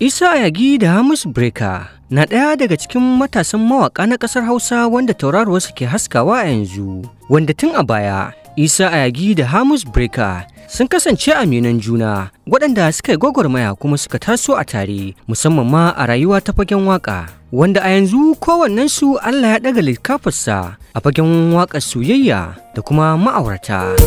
Isa Yagi da Hamus Breka na ɗaya daga cikin matasan mawaƙa na ƙasar Hausa wanda tauraruwa suke haskawa a yanzu, wanda tun a baya Isa Yagi da Hamus Breka sun kasance aminan juna waɗanda suka yi gwagwarmaya kuma suka taso a tare musamman ma a rayuwa ta fagen waka, Wanda a yanzu kowannensu Allah ya ɗaga littafarsa a fagen waƙar soyayya da kuma ma'aurata.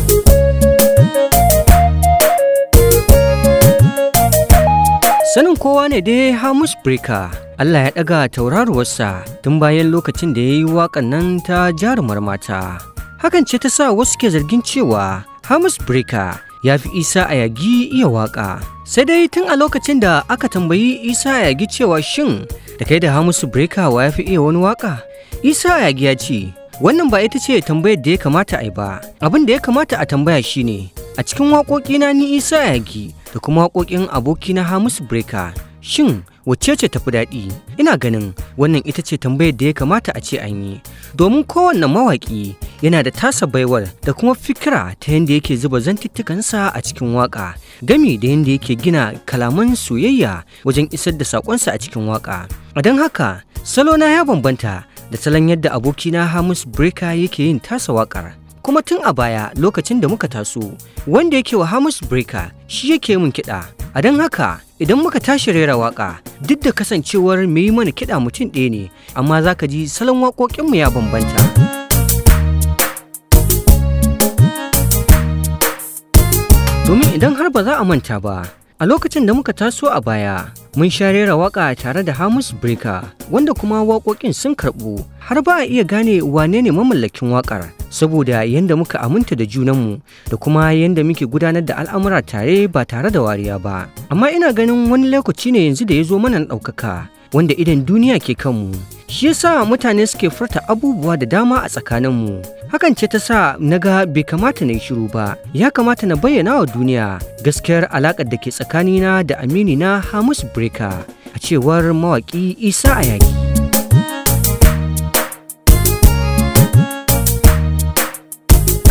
Sanin kowa ne dai Hamus Brika, Allah ya ɗaga tauraruwarsa tun bayan lokacin da ya yi waƙan nan ta jarumar mata. Hakan ce ta sa wasu ke zargin cewa Hamus Brika ya fi Isa a yagi iya waƙa. Sai dai tun a lokacin da aka tambayi Isa a yagi cewa shin da kai da Hamus Brika wa ya fi iya wani waƙa? Isa a yagi ya ce, wannan ba ita ce tambayar da ya kamata a yi ba, abin da ya kamata a tambaya shine A cikin waƙoƙina ni Isa Yagi da kuma waƙoƙin abokina hamus Breka shin wacce ce tafi daɗi ina ganin wannan ita ce tambayar da ya kamata a ce an yi domin kowanne mawaƙi yana da tasa baiwar da kuma fikira ta yadda yake zuba zantuttukansa a cikin waƙa gami da yadda yake gina kalaman soyayya wajen isar da saƙonsa a cikin waƙa a don haka salona ya bambanta da salon yadda abokina hamus breaker yake yin tasa waƙar kuma tun a baya lokacin da muka taso wanda yake wa Hamus Breaker shi yake mun kiɗa. A don haka idan muka tashi rera waƙa duk da kasancewar mai mana kiɗa mutum ɗaya ne amma za ka ji salon waƙoƙinmu ya bambanta. Domin idan har ba za a manta ba, a lokacin da muka taso a baya, mun sha rera waƙa tare da Hamus Breaker, wanda kuma waƙoƙin sun karɓu har ba a iya gane wane ne mamallakin waƙar. saboda yadda muka aminta da junanmu da kuma yadda muke gudanar da al'amura tare ba tare da wariya ba amma ina ganin wani lokaci ne yanzu da ya zo mana ɗaukaka wanda idan duniya ke kanmu shi yasa mutane suke furta abubuwa da dama a tsakaninmu hakan ce ta sa na ga bai kamata na yi shiru ba ya kamata na bayyana wa duniya gaskiyar alaƙar da ke tsakanina da aminina hamus breka a cewar mawaƙi isa a yaƙi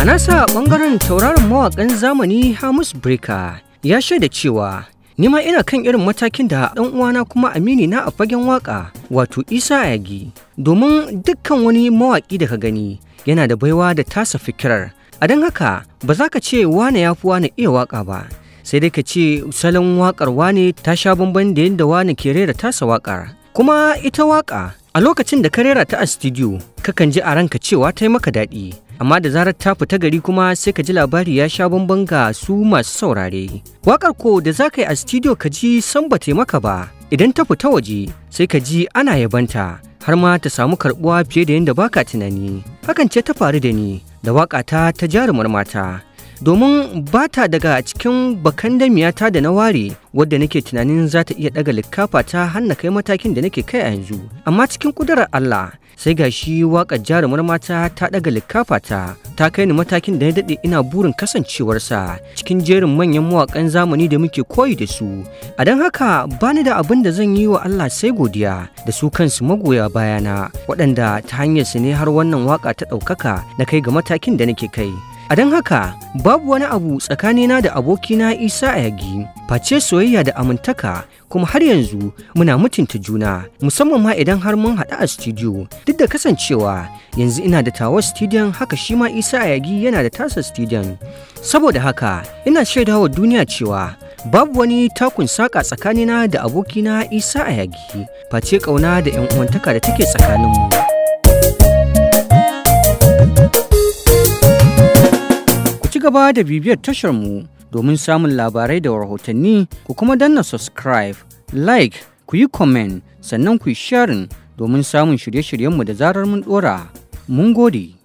A nasa ɓangaren tauraron mawakan zamani Hamus Breaker ya shaida cewa nima ina kan irin matakin da ɗan uwana kuma amini na a fagen waƙa wato Isa Yagi domin dukkan wani mawaƙi da ka gani yana da baiwa da tasa fikirar a don haka ba za ka ce wane ya fi wane iya waƙa ba sai dai ka ce salon waƙar wane ta sha bamban da yadda wane ke rera tasa wakar Kuma ita waƙa a lokacin da ka rera ta a studio kakan ji a ranka cewa ta yi maka daɗi amma da zarar ta fita gari kuma sai ka ji labari ya sha bamban ga su masu saurare waƙar ko da za ka yi a studio ka ji san ba maka ba idan ta fita waje sai ka ji ana yabanta har ma ta samu karɓuwa fiye da yadda baka tunani hakan ce ta faru da ni da waƙa ta ta jarumar mata domin ba ta daga cikin bakan damiyata da na ware wadda nake tunanin za ta iya daga likkafa ta hanna kai matakin da nake kai a yanzu amma cikin kudurar Allah sai ga shi waƙar jarumar mata ta daga likkafa ta ta kai ni matakin da na daɗe ina burin kasancewarsa cikin jerin manyan mawaƙan zamani da muke koyi da su a don haka ba ni da abin da zan yi wa Allah sai godiya da su kansu magoya bayana waɗanda ta hanyarsu ne har wannan waka ta ɗaukaka na kai ga matakin da nake kai A don haka babu wani abu tsakanina da abokina Isa Ayagi face soyayya da amintaka kuma har yanzu muna mutunta juna musamman ma idan har mun haɗu a studio duk da kasancewa yanzu ina da tawa studio haka shi ma Isa Ayagi yana da tasa studio saboda haka ina shaidawa duniya cewa babu wani takun saƙa tsakanina da abokina Isa Ayagi face ƙauna da 'yan uwantaka da take tsakaninmu. gaba da bibiyar tashar mu domin samun labarai da rahotanni ku kuma danna subscribe, like, ku yi comment sannan ku yi sharing domin samun shirye-shiryenmu da zarar mun ɗora. Mun gode.